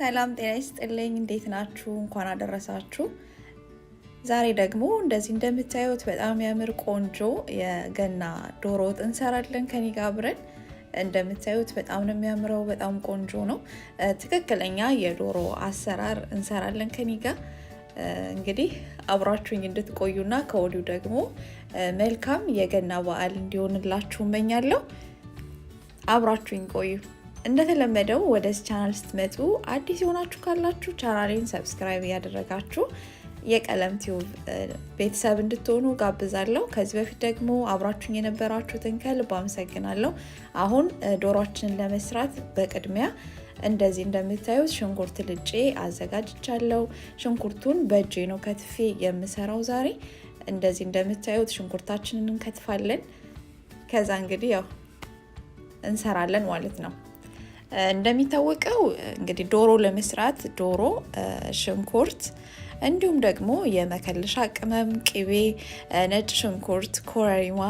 ሰላም ጤና ይስጥልኝ። እንዴት ናችሁ? እንኳን አደረሳችሁ። ዛሬ ደግሞ እንደዚህ እንደምታዩት በጣም የሚያምር ቆንጆ የገና ዶሮ ወጥ እንሰራለን ከኔ ጋር አብረን። እንደምታዩት በጣም ነው የሚያምረው፣ በጣም ቆንጆ ነው። ትክክለኛ የዶሮ አሰራር እንሰራለን ከኔ ጋር እንግዲህ አብራችሁኝ እንድትቆዩና ከወዲሁ ደግሞ መልካም የገና በዓል እንዲሆንላችሁ እመኛለሁ። አብራችሁኝ ቆዩ። እንደተለመደው ወደዚህ ቻናል ስትመጡ አዲስ የሆናችሁ ካላችሁ ቻናሌን ሰብስክራይብ እያደረጋችሁ የቀለም ቲዩብ ቤተሰብ እንድትሆኑ ጋብዛለሁ። ከዚህ በፊት ደግሞ አብራችሁኝ የነበራችሁትን ከልብ አመሰግናለሁ። አሁን ዶሯችንን ለመስራት በቅድሚያ እንደዚህ እንደምታዩት ሽንኩርት ልጬ አዘጋጅቻለሁ። ሽንኩርቱን በእጄ ነው ከትፌ የምሰራው ዛሬ። እንደዚህ እንደምታዩት ሽንኩርታችንን እንከትፋለን። ከዛ እንግዲህ ያው እንሰራለን ማለት ነው። እንደሚታወቀው እንግዲህ ዶሮ ለመስራት ዶሮ፣ ሽንኩርት እንዲሁም ደግሞ የመከለሻ ቅመም፣ ቅቤ፣ ነጭ ሽንኩርት፣ ኮረሪማ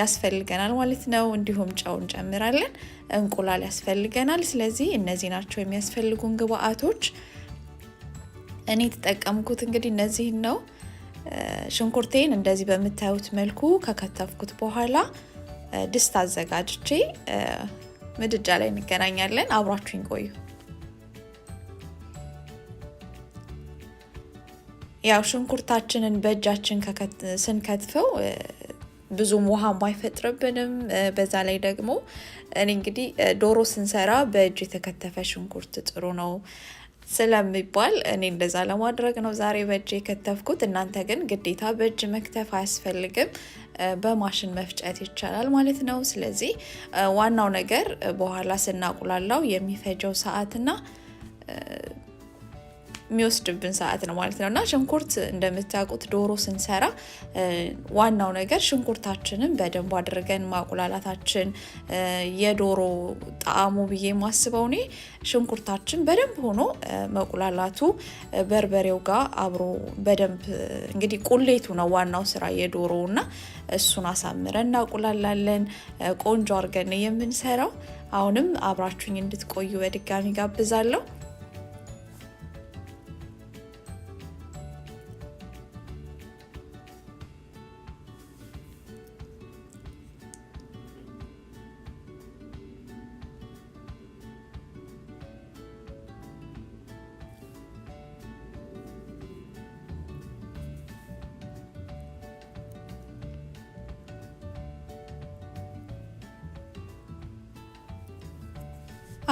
ያስፈልገናል ማለት ነው። እንዲሁም ጨው እንጨምራለን። እንቁላል ያስፈልገናል። ስለዚህ እነዚህ ናቸው የሚያስፈልጉን ግብአቶች። እኔ የተጠቀምኩት እንግዲህ እነዚህን ነው። ሽንኩርቴን እንደዚህ በምታዩት መልኩ ከከተፍኩት በኋላ ድስት አዘጋጅቼ ምድጃ ላይ እንገናኛለን። አብራችሁኝ ቆዩ። ያው ሽንኩርታችንን በእጃችን ስንከትፈው ብዙም ውሃም አይፈጥርብንም። በዛ ላይ ደግሞ እኔ እንግዲህ ዶሮ ስንሰራ በእጅ የተከተፈ ሽንኩርት ጥሩ ነው ስለሚባል እኔ እንደዛ ለማድረግ ነው ዛሬ በእጅ የከተፍኩት። እናንተ ግን ግዴታ በእጅ መክተፍ አያስፈልግም፣ በማሽን መፍጨት ይቻላል ማለት ነው። ስለዚህ ዋናው ነገር በኋላ ስናቁላላው የሚፈጀው ሰዓትና የሚወስድብን ሰዓት ነው ማለት ነው እና ሽንኩርት እንደምታውቁት ዶሮ ስንሰራ ዋናው ነገር ሽንኩርታችንን በደንብ አድርገን ማቁላላታችን የዶሮ ጣዕሙ ብዬ ማስበው እኔ ሽንኩርታችን በደንብ ሆኖ መቁላላቱ በርበሬው ጋር አብሮ በደንብ እንግዲህ ቁሌቱ ነው ዋናው ስራ የዶሮ እና እሱን አሳምረን እናቁላላለን። ቆንጆ አድርገን የምንሰራው አሁንም አብራችሁኝ እንድትቆዩ በድጋሚ ጋብዛለሁ።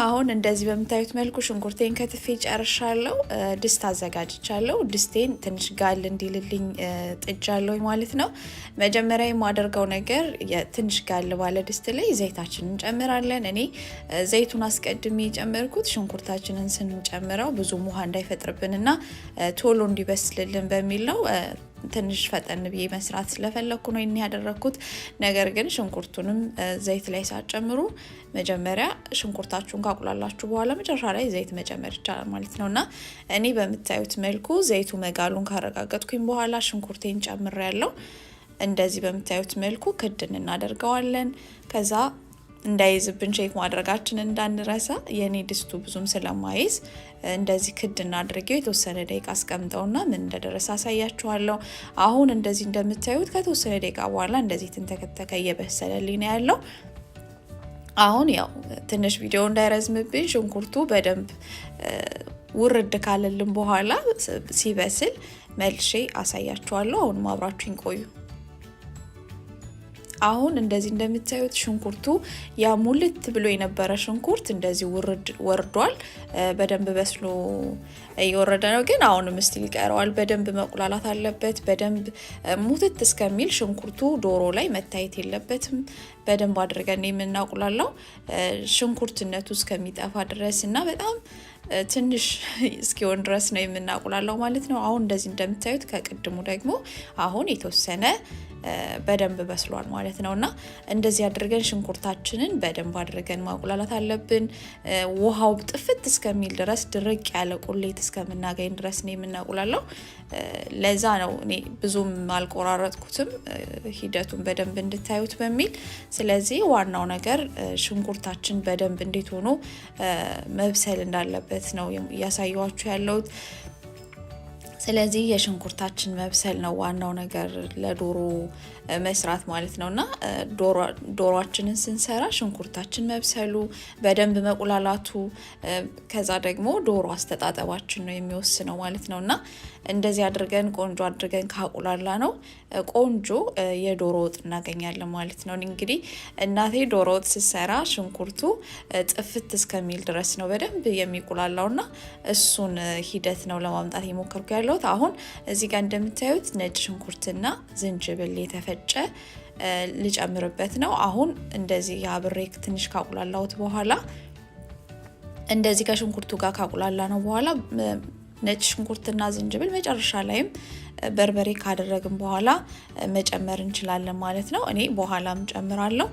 አሁን እንደዚህ በምታዩት መልኩ ሽንኩርቴን ከትፌ ጨርሻለሁ። ድስት አዘጋጅቻለሁ። ድስቴን ትንሽ ጋል እንዲልልኝ ጥጃለሁ ማለት ነው። መጀመሪያ የማደርገው ነገር ትንሽ ጋል ባለ ድስት ላይ ዘይታችንን እንጨምራለን። እኔ ዘይቱን አስቀድሜ የጨመርኩት ሽንኩርታችንን ስንጨምረው ብዙም ውሃ እንዳይፈጥርብንና ቶሎ እንዲበስልልን በሚል ነው። ትንሽ ፈጠን ብዬ መስራት ስለፈለግኩ ነው ይህን ያደረግኩት። ነገር ግን ሽንኩርቱንም ዘይት ላይ ሳጨምሩ መጀመሪያ ሽንኩርታችሁን ካቁላላችሁ በኋላ መጨረሻ ላይ ዘይት መጨመር ይቻላል ማለት ነው እና እኔ በምታዩት መልኩ ዘይቱ መጋሉን ካረጋገጥኩኝ በኋላ ሽንኩርቴን ጨምር ያለው እንደዚህ በምታዩት መልኩ ክድን እናደርገዋለን ከዛ እንዳይዝብን ሼፍ ማድረጋችን እንዳንረሳ። የኔ ድስቱ ብዙም ስለማይዝ እንደዚህ ክድ እናድርጌው የተወሰነ ደቂቃ አስቀምጠውና ምን እንደደረሰ አሳያችኋለሁ። አሁን እንደዚህ እንደምታዩት ከተወሰነ ደቂቃ በኋላ እንደዚህ ትንተከተከ እየበሰለልኝ ነው ያለው። አሁን ያው ትንሽ ቪዲዮ እንዳይረዝምብኝ ሽንኩርቱ በደንብ ውርድ ካለልን በኋላ ሲበስል መልሼ አሳያችኋለሁ። አሁንም አብራችሁኝ ቆዩ። አሁን እንደዚህ እንደምታዩት ሽንኩርቱ ያ ሙልት ብሎ የነበረ ሽንኩርት እንደዚህ ውርድ ወርዷል። በደንብ በስሎ እየወረደ ነው፣ ግን አሁንም ስቲል ይቀረዋል። በደንብ መቁላላት አለበት። በደንብ ሙትት እስከሚል ሽንኩርቱ ዶሮ ላይ መታየት የለበትም። በደንብ አድርገን የምናቁላላው ሽንኩርትነቱ እስከሚጠፋ ድረስ እና በጣም ትንሽ እስኪሆን ድረስ ነው የምናቁላለው ማለት ነው። አሁን እንደዚህ እንደምታዩት ከቅድሙ ደግሞ አሁን የተወሰነ በደንብ በስሏል ማለት ነው። እና እንደዚህ አድርገን ሽንኩርታችንን በደንብ አድርገን ማቁላላት አለብን። ውሃው ጥፍት እስከሚል ድረስ ድርቅ ያለ ቁሌት እስከምናገኝ ድረስ ነው የምናቁላለው። ለዛ ነው እኔ ብዙም አልቆራረጥኩትም ሂደቱን በደንብ እንድታዩት በሚል። ስለዚህ ዋናው ነገር ሽንኩርታችን በደንብ እንዴት ሆኖ መብሰል እንዳለበት ነው እያሳየኋችሁ ያለሁት። ስለዚህ የሽንኩርታችን መብሰል ነው ዋናው ነገር ለዶሮ መስራት ማለት ነው። እና ዶሯችንን ስንሰራ ሽንኩርታችን መብሰሉ በደንብ መቁላላቱ፣ ከዛ ደግሞ ዶሮ አስተጣጠባችን ነው የሚወስነው ማለት ነው እና እንደዚህ አድርገን ቆንጆ አድርገን ካቁላላ ነው ቆንጆ የዶሮ ወጥ እናገኛለን ማለት ነው። እንግዲህ እናቴ ዶሮ ወጥ ስትሰራ ሽንኩርቱ ጥፍት እስከሚል ድረስ ነው በደንብ እና እሱን ሂደት ነው ለማምጣት የሞከርኩ ያለሁት። አሁን እዚህ ጋር እንደምታዩት ነጭ ሽንኩርትና ዝንጅብል የተፈጨ ልጨምርበት ነው። አሁን እንደዚህ የአብሬ ትንሽ ካቁላላሁት በኋላ እንደዚህ ከሽንኩርቱ ጋር ካቁላላ ነው በኋላ ነጭ ሽንኩርትና ዝንጅብል መጨረሻ ላይም በርበሬ ካደረግን በኋላ መጨመር እንችላለን ማለት ነው። እኔ በኋላም ጨምራለሁ፣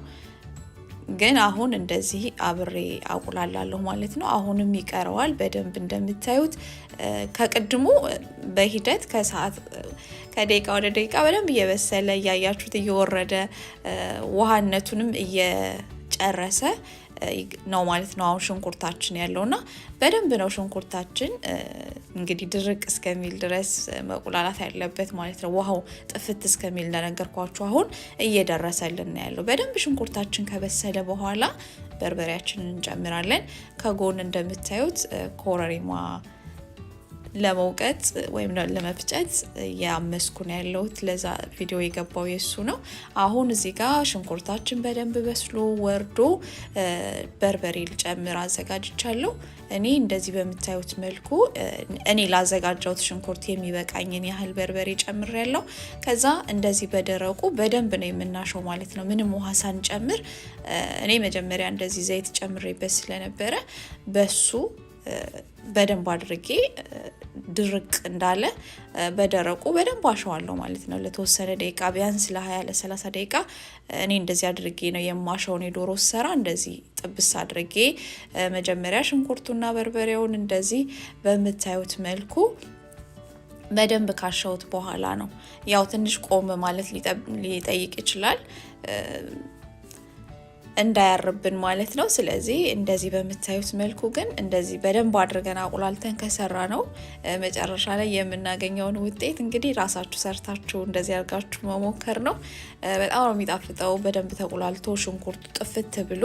ግን አሁን እንደዚህ አብሬ አቁላላለሁ ማለት ነው። አሁንም ይቀረዋል በደንብ እንደምታዩት ከቅድሙ በሂደት ከሰዓት ከደቂቃ ወደ ደቂቃ በደንብ እየበሰለ እያያችሁት እየወረደ ውሃነቱንም እየጨረሰ ነው ማለት ነው። አሁን ሽንኩርታችን ያለውና በደንብ ነው ሽንኩርታችን እንግዲህ ድርቅ እስከሚል ድረስ መቁላላት ያለበት ማለት ነው። ውሃው ጥፍት እስከሚል እንደነገርኳችሁ አሁን እየደረሰልን ያለው በደንብ ሽንኩርታችን ከበሰለ በኋላ በርበሬያችንን እንጨምራለን። ከጎን እንደምታዩት ኮረሪማ ለመውቀጥ ወይም ለመፍጨት እያመስኩ ነው ያለሁት። ለዛ ቪዲዮ የገባው የሱ ነው። አሁን እዚህ ጋ ሽንኩርታችን በደንብ በስሎ ወርዶ በርበሬ ልጨምር አዘጋጅቻለሁ። እኔ እንደዚህ በምታዩት መልኩ እኔ ላዘጋጀሁት ሽንኩርት የሚበቃኝን ያህል በርበሬ ጨምር ያለው። ከዛ እንደዚህ በደረቁ በደንብ ነው የምናሸው ማለት ነው፣ ምንም ውሃ ሳንጨምር። እኔ መጀመሪያ እንደዚህ ዘይት ጨምሬበት ስለነበረ በሱ በደንብ አድርጌ ድርቅ እንዳለ በደረቁ በደንብ አሸዋለሁ ማለት ነው። ለተወሰነ ደቂቃ ቢያንስ ለ20 ለ30 ደቂቃ እኔ እንደዚህ አድርጌ ነው የማሸውን የዶሮ ሰራ እንደዚህ ጥብስ አድርጌ መጀመሪያ ሽንኩርቱና በርበሬውን እንደዚህ በምታዩት መልኩ በደንብ ካሸውት በኋላ ነው ያው ትንሽ ቆም ማለት ሊጠይቅ ይችላል። እንዳያርብን ማለት ነው። ስለዚህ እንደዚህ በምታዩት መልኩ ግን እንደዚህ በደንብ አድርገን አቁላልተን ከሰራ ነው መጨረሻ ላይ የምናገኘውን ውጤት እንግዲህ ራሳችሁ ሰርታችሁ እንደዚህ አድርጋችሁ መሞከር ነው። በጣም ነው የሚጣፍጠው። በደንብ ተቁላልቶ ሽንኩርቱ ጥፍት ብሎ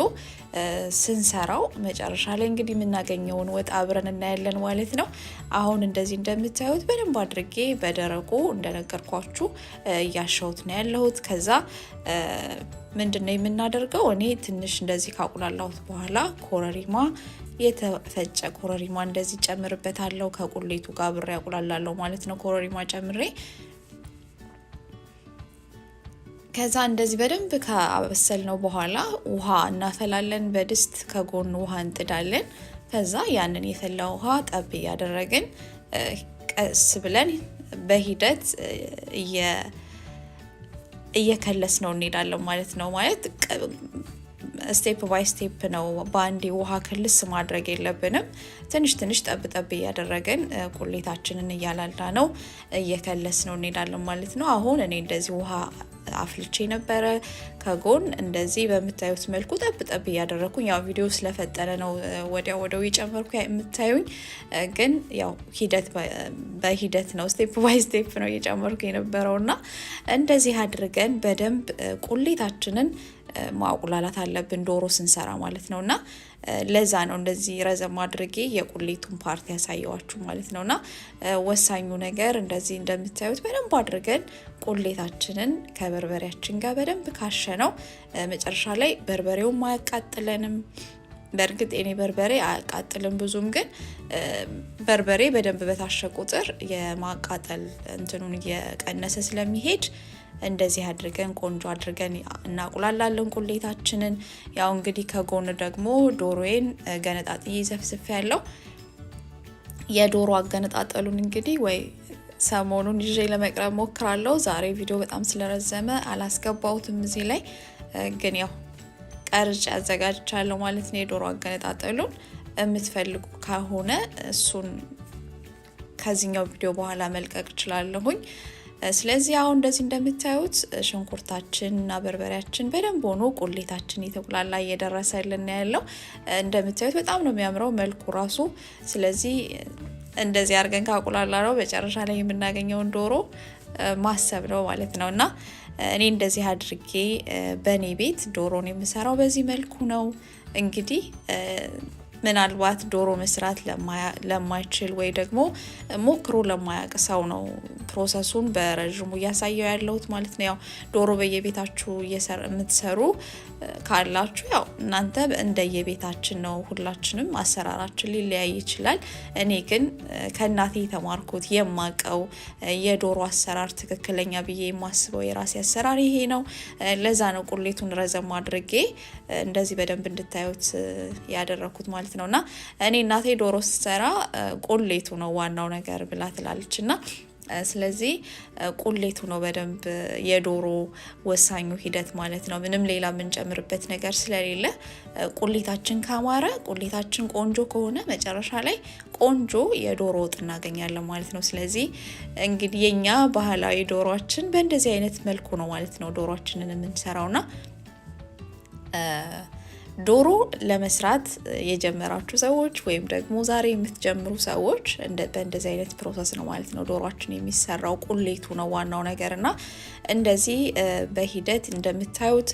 ስንሰራው መጨረሻ ላይ እንግዲህ የምናገኘውን ወጥ አብረን እናያለን ማለት ነው። አሁን እንደዚህ እንደምታዩት በደንብ አድርጌ በደረቁ እንደነገርኳችሁ እያሸሁት ነው ያለሁት ከዛ ምንድን ነው የምናደርገው? እኔ ትንሽ እንደዚህ ካቁላላሁት በኋላ ኮረሪማ የተፈጨ ኮረሪማ እንደዚህ ጨምርበታለሁ። ከቁሌቱ ጋር ብሬ ያቁላላለሁ ማለት ነው። ኮረሪማ ጨምሬ ከዛ እንደዚህ በደንብ ነው በኋላ ውሃ እናፈላለን። በድስት ከጎኑ ውሃ እንጥዳለን። ከዛ ያንን የፈላ ውሃ ጠብ እያደረግን ቀስ ብለን በሂደት እየከለስ ነው እንሄዳለን ማለት ነው። ማለት ስቴፕ ባይ ስቴፕ ነው። በአንዴ ውሃ ክልስ ማድረግ የለብንም። ትንሽ ትንሽ ጠብ ጠብ እያደረግን ቁሌታችንን እያላላ ነው እየከለስ ነው እንሄዳለን ማለት ነው። አሁን እኔ እንደዚህ ውሃ አፍልቼ ነበረ። ከጎን እንደዚህ በምታዩት መልኩ ጠብ ጠብ እያደረግኩኝ ያው ቪዲዮ ስለፈጠነ ነው ወዲያ ወደው የጨመርኩ የምታዩኝ። ግን ያው ሂደት በሂደት ነው፣ ስቴፕ ባይ ስቴፕ ነው እየጨመርኩ የነበረውእና እንደዚህ አድርገን በደንብ ቁሌታችንን ማቁላላት አለብን ዶሮ ስንሰራ ማለት ነው። እና ለዛ ነው እንደዚህ ረዘም አድርጌ የቁሌቱን ፓርት ያሳየዋችሁ ማለት ነው። እና ወሳኙ ነገር እንደዚህ እንደምታዩት በደንብ አድርገን ቁሌታችንን ከበርበሬያችን ጋር በደንብ ካሸ ነው መጨረሻ ላይ በርበሬውም አያቃጥለንም። በእርግጥ እኔ በርበሬ አያቃጥልም ብዙም፣ ግን በርበሬ በደንብ በታሸ ቁጥር የማቃጠል እንትኑን እየቀነሰ ስለሚሄድ እንደዚህ አድርገን ቆንጆ አድርገን እናቁላላለን ቁሌታችንን። ያው እንግዲህ ከጎን ደግሞ ዶሮዬን ገነጣጥዬ ዘፍዝፍ ያለው የዶሮ አገነጣጠሉን እንግዲህ ወይ ሰሞኑን ይዤ ለመቅረብ ሞክራለሁ። ዛሬ ቪዲዮ በጣም ስለረዘመ አላስገባሁትም እዚህ ላይ ግን ያው ቀርጭ አዘጋጅቻለሁ ማለት ነው። የዶሮ አገነጣጠሉን የምትፈልጉ ከሆነ እሱን ከዚህኛው ቪዲዮ በኋላ መልቀቅ እችላለሁኝ። ስለዚህ አሁን እንደዚህ እንደምታዩት ሽንኩርታችን እና በርበሬያችን በደንብ ሆኖ ቁሌታችን የተቁላላ እየደረሰልን ያለው እንደምታዩት በጣም ነው የሚያምረው መልኩ ራሱ። ስለዚህ እንደዚህ አድርገን ካቁላላ ነው መጨረሻ ላይ የምናገኘውን ዶሮ ማሰብ ነው ማለት ነው እና እኔ እንደዚህ አድርጌ በእኔ ቤት ዶሮን የምሰራው በዚህ መልኩ ነው እንግዲህ ምናልባት ዶሮ መስራት ለማይችል ወይ ደግሞ ሞክሮ ለማያውቅ ሰው ነው ፕሮሰሱን በረዥሙ እያሳየው ያለሁት ማለት ነው። ያው ዶሮ በየቤታችሁ የምትሰሩ ካላችሁ ያው እናንተ እንደየቤታችን ነው። ሁላችንም አሰራራችን ሊለያይ ይችላል። እኔ ግን ከእናቴ የተማርኩት የማቀው የዶሮ አሰራር ትክክለኛ ብዬ የማስበው የራሴ አሰራር ይሄ ነው። ለዛ ነው ቁሌቱን ረዘም አድርጌ እንደዚህ በደንብ እንድታዩት ያደረኩት ማለት ማለት ነው። እና እኔ እናቴ ዶሮ ስትሰራ ቁሌቱ ነው ዋናው ነገር ብላ ትላለች እና ስለዚህ ቁሌቱ ነው በደንብ የዶሮ ወሳኙ ሂደት ማለት ነው። ምንም ሌላ የምንጨምርበት ነገር ስለሌለ ቁሌታችን ካማረ፣ ቁሌታችን ቆንጆ ከሆነ መጨረሻ ላይ ቆንጆ የዶሮ ወጥ እናገኛለን ማለት ነው። ስለዚህ እንግዲህ የኛ ባህላዊ ዶሯችን በእንደዚህ አይነት መልኩ ነው ማለት ነው ዶሯችንን የምንሰራውና ዶሮ ለመስራት የጀመራችሁ ሰዎች ወይም ደግሞ ዛሬ የምትጀምሩ ሰዎች በእንደዚህ አይነት ፕሮሰስ ነው ማለት ነው ዶሯችን የሚሰራው። ቁሌቱ ነው ዋናው ነገር እና እንደዚህ በሂደት እንደምታዩት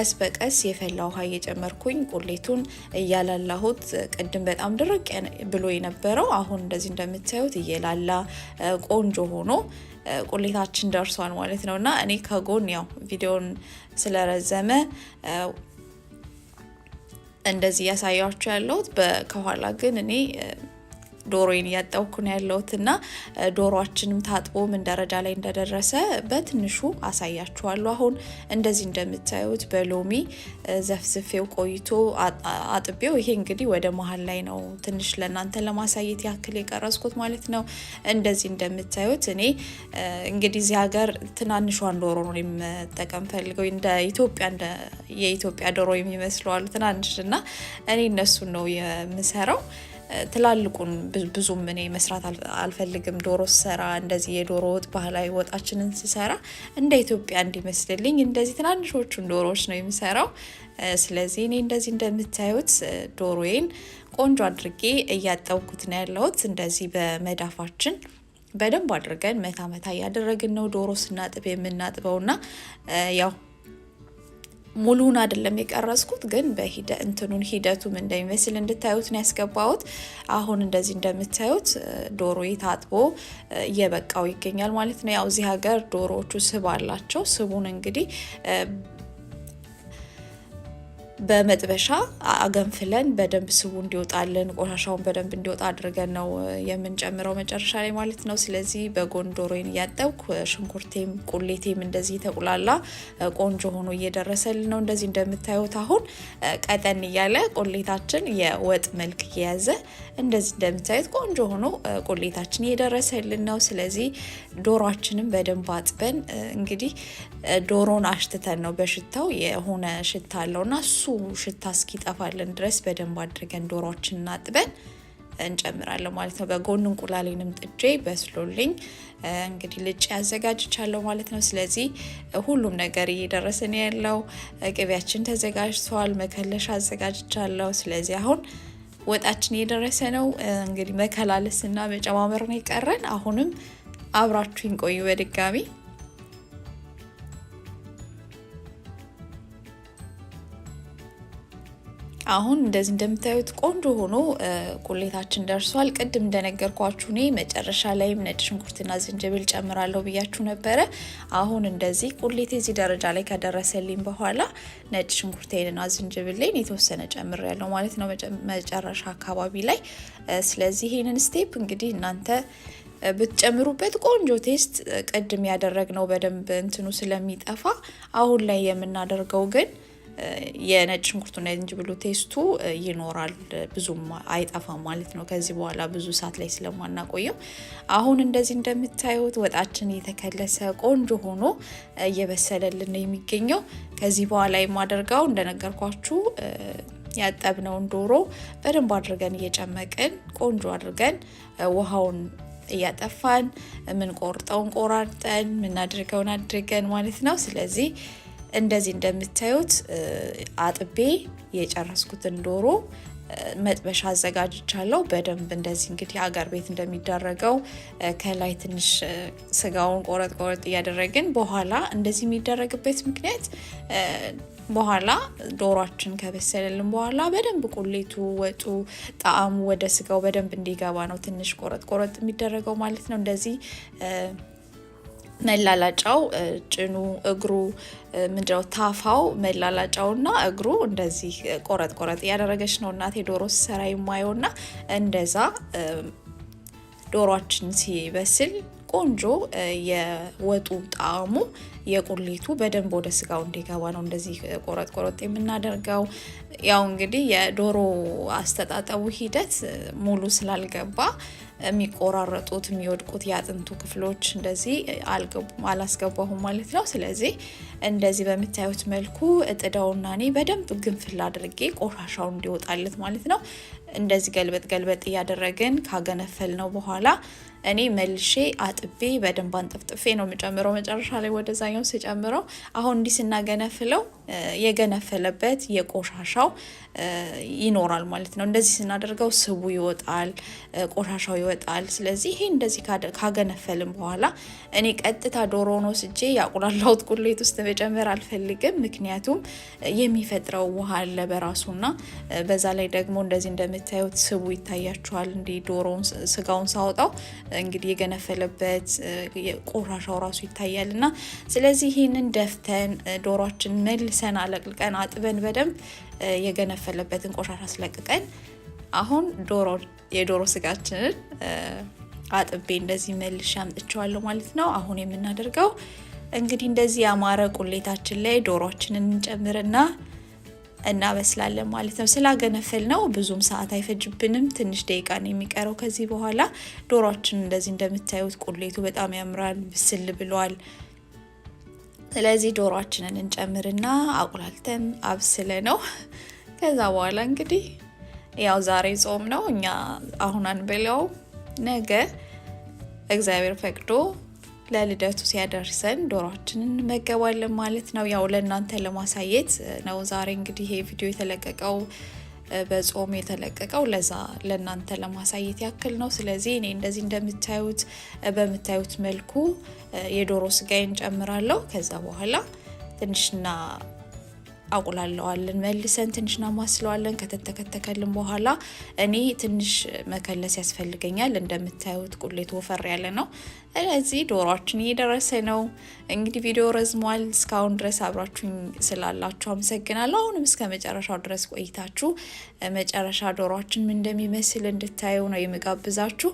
ቀስ በቀስ የፈላ ውሃ እየጨመርኩኝ ቁሌቱን እያላላሁት ቅድም በጣም ድርቅ ብሎ የነበረው አሁን እንደዚህ እንደምታዩት እየላላ ቆንጆ ሆኖ ቁሌታችን ደርሷል ማለት ነው እና እኔ ከጎን ያው ቪዲዮን ስለረዘመ እንደዚህ ያሳያችሁ ያለሁት ከኋላ ግን እኔ ዶሮዬን እያጠብኩ ነው ያለሁት እና ዶሮችንም ታጥቦ ምን ደረጃ ላይ እንደደረሰ በትንሹ አሳያችኋለሁ። አሁን እንደዚህ እንደምታዩት በሎሚ ዘፍዝፌው ቆይቶ አጥቤው፣ ይሄ እንግዲህ ወደ መሀል ላይ ነው ትንሽ ለእናንተ ለማሳየት ያክል የቀረጽኩት ማለት ነው። እንደዚህ እንደምታዩት እኔ እንግዲህ እዚህ ሀገር ትናንሿን ዶሮ ነው የምጠቀም ፈልገው እንደ ኢትዮጵያ የኢትዮጵያ ዶሮ የሚመስለዋሉ ትናንሽ እና እኔ እነሱን ነው የምሰራው። ትላልቁን ብዙም እኔ መስራት አልፈልግም። ዶሮ ስሰራ እንደዚህ የዶሮ ወጥ ባህላዊ ወጣችንን ስሰራ እንደ ኢትዮጵያ እንዲመስልልኝ እንደዚህ ትናንሾቹን ዶሮዎች ነው የምሰራው። ስለዚህ እኔ እንደዚህ እንደምታዩት ዶሮዬን ቆንጆ አድርጌ እያጠብኩት ነው ያለሁት። እንደዚህ በመዳፋችን በደንብ አድርገን መታ መታ እያደረግን ነው ዶሮ ስናጥብ የምናጥበውና ያው ሙሉን አይደለም የቀረጽኩት፣ ግን በሂደ እንትኑን ሂደቱም እንደሚመስል እንድታዩት ነው ያስገባሁት። አሁን እንደዚህ እንደምታዩት ዶሮ ታጥቦ እየበቃው ይገኛል ማለት ነው። ያው እዚህ ሀገር ዶሮዎቹ ስብ አላቸው። ስቡን እንግዲህ በመጥበሻ አገንፍለን በደንብ ስቡ እንዲወጣልን ቆሻሻውን በደንብ እንዲወጣ አድርገን ነው የምንጨምረው መጨረሻ ላይ ማለት ነው። ስለዚህ በጎን ዶሮን እያጠብኩ ሽንኩርቴም ቁሌቴም እንደዚህ ተቁላላ ቆንጆ ሆኖ እየደረሰልን ነው። እንደዚህ እንደምታዩት አሁን ቀጠን እያለ ቁሌታችን የወጥ መልክ እየያዘ እንደዚህ እንደምታዩት ቆንጆ ሆኖ ቁሌታችን እየደረሰልን ነው። ስለዚህ ዶሯችንም በደንብ አጥበን እንግዲህ ዶሮን አሽትተን ነው በሽታው የሆነ ሽታ አለውና እሱ ሽታ እስኪጠፋልን ድረስ በደንብ አድርገን ዶሮችን እናጥበን እንጨምራለን ማለት ነው። በጎን እንቁላሌንም ጥጄ በስሎልኝ እንግዲህ ልጭ አዘጋጅቻለሁ ማለት ነው። ስለዚህ ሁሉም ነገር እየደረሰን ያለው ቅቤያችን ተዘጋጅተዋል መከለሻ አዘጋጅቻለሁ። ስለዚህ አሁን ወጣችን እየደረሰ ነው። እንግዲህ መከላለስና መጨማመር ነው የቀረን። አሁንም አብራችሁ ይንቆዩ በድጋሚ አሁን እንደዚህ እንደምታዩት ቆንጆ ሆኖ ቁሌታችን ደርሷል። ቅድም እንደነገርኳችሁ እኔ መጨረሻ ላይም ነጭ ሽንኩርትና ዝንጅብል ጨምራለሁ ብያችሁ ነበረ። አሁን እንደዚህ ቁሌቴ እዚህ ደረጃ ላይ ከደረሰልኝ በኋላ ነጭ ሽንኩርቴንና ዝንጅብሌን የተወሰነ ጨምር ያለው ማለት ነው መጨረሻ አካባቢ ላይ። ስለዚህ ይህንን ስቴፕ እንግዲህ እናንተ ብትጨምሩበት ቆንጆ ቴስት ቅድም ያደረግነው በደንብ እንትኑ ስለሚጠፋ አሁን ላይ የምናደርገው ግን የነጭ ሽንኩርቱና የዝንጅብሉ ቴስቱ ይኖራል፣ ብዙም አይጠፋም ማለት ነው። ከዚህ በኋላ ብዙ ሰዓት ላይ ስለማናቆየው አሁን እንደዚህ እንደምታዩት ወጣችን የተከለሰ ቆንጆ ሆኖ እየበሰለልን ነው የሚገኘው። ከዚህ በኋላ የማደርገው እንደነገርኳችሁ ያጠብነውን ዶሮ በደንብ አድርገን እየጨመቅን ቆንጆ አድርገን ውሃውን እያጠፋን የምንቆርጠውን ቆራርጠን ምናድርገውን አድርገን ማለት ነው ስለዚህ እንደዚህ እንደምታዩት አጥቤ የጨረስኩትን ዶሮ መጥበሻ አዘጋጅቻለሁ። በደንብ እንደዚህ እንግዲህ አገር ቤት እንደሚደረገው ከላይ ትንሽ ስጋውን ቆረጥ ቆረጥ እያደረግን በኋላ እንደዚህ የሚደረግበት ምክንያት በኋላ ዶሯችን ከበሰለልን በኋላ በደንብ ቁሌቱ፣ ወጡ፣ ጣዕሙ ወደ ስጋው በደንብ እንዲገባ ነው ትንሽ ቆረጥ ቆረጥ የሚደረገው ማለት ነው እንደዚህ መላላጫው ጭኑ፣ እግሩ ምንድነው ታፋው መላላጫው እና እግሩ እንደዚህ ቆረጥ ቆረጥ እያደረገች ነው እናቴ ዶሮ ስሰራ እና እንደዛ ዶሯችን ሲበስል ቆንጆ የወጡ ጣዕሙ የቁሌቱ በደንብ ወደ ስጋው እንዲገባ ነው እንደዚህ ቆረጥ ቆረጥ የምናደርገው። ያው እንግዲህ የዶሮ አስተጣጠቡ ሂደት ሙሉ ስላልገባ የሚቆራረጡት የሚወድቁት የአጥንቱ ክፍሎች እንደዚህ አላስገባሁም ማለት ነው። ስለዚህ እንደዚህ በምታዩት መልኩ እጥዳውና እኔ በደንብ ግንፍል አድርጌ ቆሻሻው እንዲወጣለት ማለት ነው። እንደዚህ ገልበጥ ገልበጥ እያደረግን ካገነፈል ነው በኋላ እኔ መልሼ አጥቤ በደንብ አንጠፍጥፌ ነው የምጨምረው። መጨረሻ ላይ ወደዛኛው ስጨምረው አሁን እንዲህ ስናገነፍለው የገነፈለበት የቆሻሻው ይኖራል ማለት ነው። እንደዚህ ስናደርገው ስቡ ይወጣል፣ ቆሻሻው ይወጣል። ስለዚህ ይሄ እንደዚህ ካገነፈልም በኋላ እኔ ቀጥታ ነው ስጄ ያቁላላሁት ቁሌት ውስጥ መጨመር አልፈልግም። ምክንያቱም የሚፈጥረው ውሃ አለ በራሱና በዛ ላይ ደግሞ እንደዚህ እንደምታዩት ስቡ ይታያችኋል። እንዲህ ዶሮውን ስጋውን ሳወጣው እንግዲህ የገነፈለበት ቆሻሻው ራሱ ይታያል እና ስለዚህ ይህንን ደፍተን ዶሯችን መልሰን አለቅልቀን አጥበን በደንብ የገነፈለበትን ቆሻሻ አስለቅቀን አሁን ዶሮ የዶሮ ስጋችንን አጥቤ እንደዚህ መልሼ አምጥቼዋለሁ ማለት ነው። አሁን የምናደርገው እንግዲህ እንደዚህ ያማረ ቁሌታችን ላይ ዶሯችንን እንጨምርና እናበስላለን ማለት ነው። ስላገነፈል ነው ብዙም ሰዓት አይፈጅብንም። ትንሽ ደቂቃ ነው የሚቀረው ከዚህ በኋላ ዶሯችን እንደዚህ እንደምታዩት ቁሌቱ በጣም ያምራል፣ ብስል ብሏል። ስለዚህ ዶሯችንን እንጨምርና አቁላልተን አብስለ ነው ከዛ በኋላ እንግዲህ ያው ዛሬ ጾም ነው እኛ አሁን አንበላው ነገ እግዚአብሔር ፈቅዶ ለልደቱ ሲያደርሰን ዶሯችንን እንመገባለን ማለት ነው። ያው ለእናንተ ለማሳየት ነው ዛሬ እንግዲህ ይሄ ቪዲዮ የተለቀቀው በጾም የተለቀቀው ለዛ ለእናንተ ለማሳየት ያክል ነው። ስለዚህ እኔ እንደዚህ እንደምታዩት በምታዩት መልኩ የዶሮ ስጋዬን ጨምራለሁ። ከዛ በኋላ ትንሽና አቁላለዋለን መልሰን ትንሽ እናማስለዋለን። ከተተከተከልን በኋላ እኔ ትንሽ መከለስ ያስፈልገኛል። እንደምታዩት ቁሌት ወፈር ያለ ነው። ስለዚህ ዶሯችን እየደረሰ ነው። እንግዲህ ቪዲዮ ረዝሟል። እስካሁን ድረስ አብራችሁኝ ስላላችሁ አመሰግናለሁ። አሁንም እስከ መጨረሻው ድረስ ቆይታችሁ መጨረሻ ዶሯችን ምን እንደሚመስል እንድታየው ነው የምጋብዛችሁ።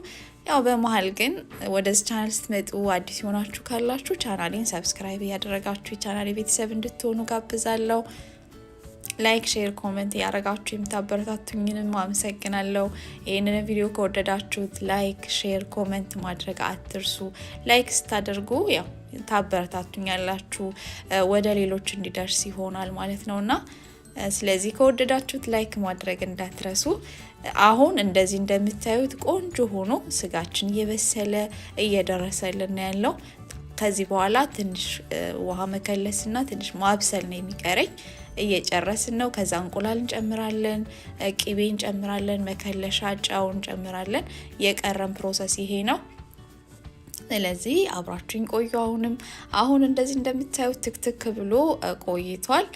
ያው በመሀል ግን ወደዚህ ቻናል ስትመጡ አዲስ የሆናችሁ ካላችሁ ቻናሌን ሰብስክራይብ እያደረጋችሁ የቻናሌ ቤተሰብ እንድትሆኑ ጋብዛለሁ። ላይክ፣ ሼር፣ ኮመንት እያደረጋችሁ የምታበረታቱኝንም አመሰግናለሁ። ይህንን ቪዲዮ ከወደዳችሁት ላይክ፣ ሼር፣ ኮመንት ማድረግ አትርሱ። ላይክ ስታደርጉ ያው ታበረታቱኛላችሁ ወደ ሌሎች እንዲደርስ ይሆናል ማለት ነውና ስለዚህ ከወደዳችሁት ላይክ ማድረግ እንዳትረሱ። አሁን እንደዚህ እንደምታዩት ቆንጆ ሆኖ ስጋችን እየበሰለ እየደረሰልን ያለው ከዚህ በኋላ ትንሽ ውሃ መከለስና ትንሽ ማብሰል ነው የሚቀረኝ። እየጨረስን ነው። ከዛ እንቁላል እንጨምራለን፣ ቂቤ እንጨምራለን፣ መከለሻ ጫው እንጨምራለን። የቀረን ፕሮሰስ ይሄ ነው። ስለዚህ አብራችሁኝ ቆዩ። አሁንም አሁን እንደዚህ እንደምታዩት ትክትክ ብሎ ቆይቷል።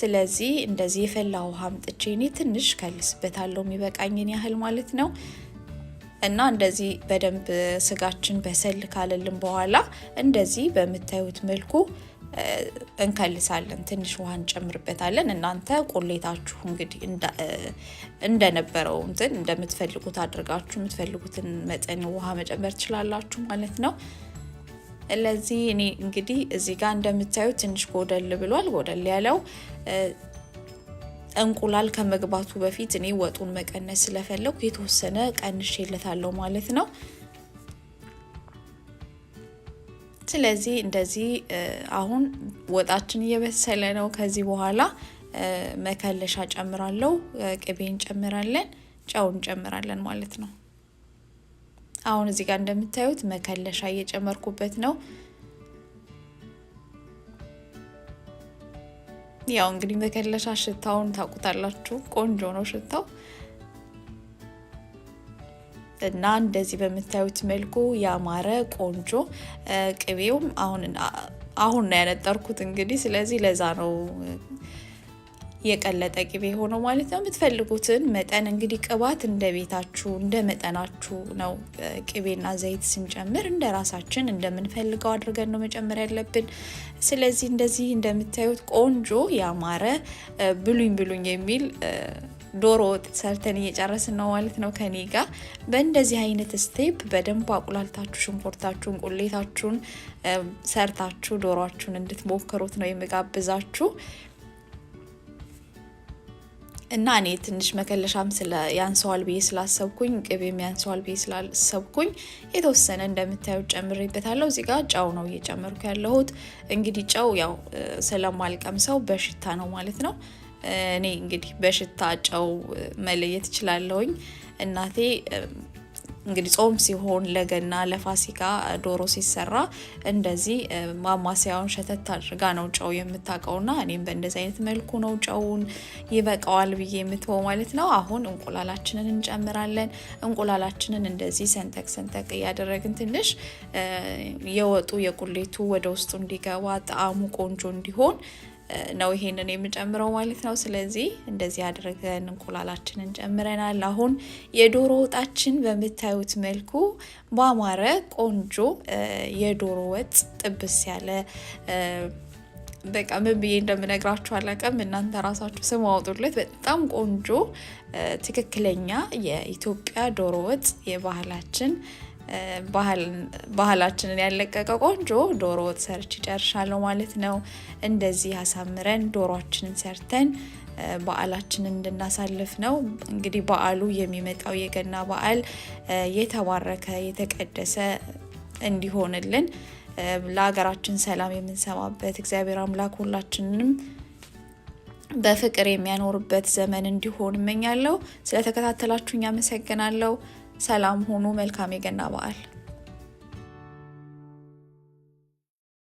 ስለዚህ እንደዚህ የፈላ ውሃ አምጥቼ እኔ ትንሽ ከልስበታለሁ የሚበቃኝን ያህል ማለት ነው። እና እንደዚህ በደንብ ስጋችን በሰል ካለልን በኋላ እንደዚህ በምታዩት መልኩ እንከልሳለን። ትንሽ ውሃ እንጨምርበታለን። እናንተ ቆሌታችሁ እንግዲህ እንደነበረው እንትን እንደምትፈልጉት አድርጋችሁ የምትፈልጉትን መጠን ውሃ መጨመር ትችላላችሁ ማለት ነው። ለዚህ እኔ እንግዲህ እዚህ ጋር እንደምታዩት ትንሽ ጎደል ብሏል። ጎደል ያለው እንቁላል ከመግባቱ በፊት እኔ ወጡን መቀነስ ስለፈለጉ የተወሰነ ቀንሼለታለሁ ማለት ነው። ስለዚህ እንደዚህ አሁን ወጣችን እየበሰለ ነው። ከዚህ በኋላ መከለሻ ጨምራለሁ። ቅቤ እንጨምራለን፣ ጨው እንጨምራለን ማለት ነው። አሁን እዚህ ጋር እንደምታዩት መከለሻ እየጨመርኩበት ነው። ያው እንግዲህ መከለሻ ሽታውን ታውቁታላችሁ። ቆንጆ ነው ሽታው። እና እንደዚህ በምታዩት መልኩ ያማረ ቆንጆ ቅቤውም አሁን አሁን ነው ያነጠርኩት እንግዲህ ስለዚህ ለዛ ነው የቀለጠ ቅቤ ሆኖ ማለት ነው። የምትፈልጉትን መጠን እንግዲህ ቅባት እንደ ቤታችሁ እንደ መጠናችሁ ነው። ቅቤና ዘይት ስንጨምር እንደ ራሳችን እንደምንፈልገው አድርገን ነው መጨመር ያለብን። ስለዚህ እንደዚህ እንደምታዩት ቆንጆ ያማረ ብሉኝ ብሉኝ የሚል ዶሮ ወጥ ሰርተን እየጨረስን ነው ማለት ነው ከኔ ጋር። በእንደዚህ አይነት ስቴፕ በደንብ አቁላልታችሁ ሽንኩርታችሁን፣ ቁሌታችሁን ሰርታችሁ ዶሮችሁን እንድትሞክሩት ነው የምጋብዛችሁ። እና እኔ ትንሽ መከለሻም ያንሰዋል ብዬ ስላሰብኩኝ ቅቤም ያንሰዋል ብዬ ስላሰብኩኝ የተወሰነ እንደምታዩት ጨምሬበታለሁ። እዚህ ጋር ጨው ነው እየጨመርኩ ያለሁት። እንግዲህ ጨው ያው ሰው በሽታ ነው ማለት ነው። እኔ እንግዲህ በሽታ ጨው መለየት እችላለሁኝ። እናቴ እንግዲህ ጾም ሲሆን ለገና ለፋሲካ ዶሮ ሲሰራ እንደዚህ ማማሰያውን ሸተት አድርጋ ነው ጨው የምታውቀውና እኔም በእንደዚህ አይነት መልኩ ነው ጨውን ይበቃዋል ብዬ የምትወው ማለት ነው። አሁን እንቁላላችንን እንጨምራለን። እንቁላላችንን እንደዚህ ሰንጠቅ ሰንጠቅ እያደረግን ትንሽ የወጡ የቁሌቱ ወደ ውስጡ እንዲገባ ጣዕሙ ቆንጆ እንዲሆን ነው ይሄንን የምጨምረው ማለት ነው። ስለዚህ እንደዚህ አድርገን እንቁላላችንን ጨምረናል። አሁን የዶሮ ወጣችን በምታዩት መልኩ ባማረ ቆንጆ የዶሮ ወጥ ጥብስ ያለ በቃ ምን ብዬ እንደምነግራችሁ አላውቅም። እናንተ ራሳችሁ ስም አውጡለት። በጣም ቆንጆ ትክክለኛ የኢትዮጵያ ዶሮ ወጥ የባህላችን ባህላችንን ያለቀቀ ቆንጆ ዶሮ ወጥ ሰርች ይጨርሻለሁ ማለት ነው። እንደዚህ አሳምረን ዶሯችንን ሰርተን በዓላችንን እንድናሳልፍ ነው። እንግዲህ በዓሉ የሚመጣው የገና በዓል የተባረከ የተቀደሰ እንዲሆንልን ለሀገራችን ሰላም የምንሰማበት እግዚአብሔር አምላክ ሁላችንንም በፍቅር የሚያኖርበት ዘመን እንዲሆን እመኛለሁ። ስለተከታተላችሁኝ አመሰግናለሁ። ሰላም ሁኑ። መልካም የገና በዓል